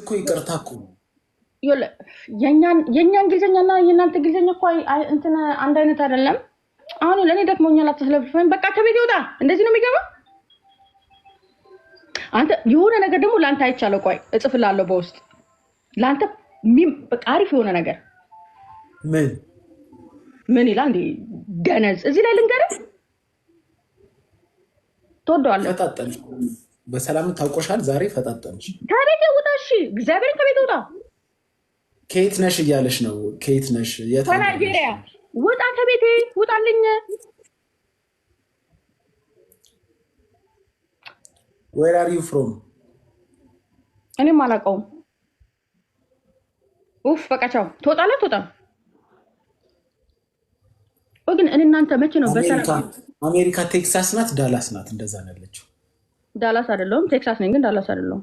እኮ ይቅርታ እኮ የእኛ እንግሊዝኛና የእናንተ እንግሊዝኛ እኮ እንትን አንድ አይነት አይደለም። አሁን ለእኔ ደክሞኛል፣ ወይም በቃ ከቤት ይወጣ። እንደዚህ ነው የሚገባ። አንተ የሆነ ነገር ደግሞ ለአንተ አይቻለው። ቆይ እጽፍላለሁ በውስጥ ለአንተ አሪፍ የሆነ ነገር ምን ምን ይላል እንዴ? ደነዝ እዚህ ላይ ልንገርህ፣ ትወደዋለህ። ፈጣጠንሽ፣ በሰላም ታውቆሻል። ዛሬ ፈጣጠንሽ። ከቤት ውጣ እሺ፣ እግዚአብሔርን ከቤት ውጣ። ከየት ነሽ እያለሽ ነው። ከየት ነሽ? ከናይጄሪያ ውጣ፣ ከቤቴ ውጣልኝ። ዌር አር ዩ ፍሮም? እኔም አላውቀውም። ኡፍ በቃ ቻው። ትወጣለህ ትወጣም ግን እናንተ መቼ ነው አሜሪካ? ቴክሳስ ናት ዳላስ ናት? እንደዛ ነው ያለችው። ዳላስ አይደለሁም፣ ቴክሳስ ነኝ፣ ግን ዳላስ አይደለሁም።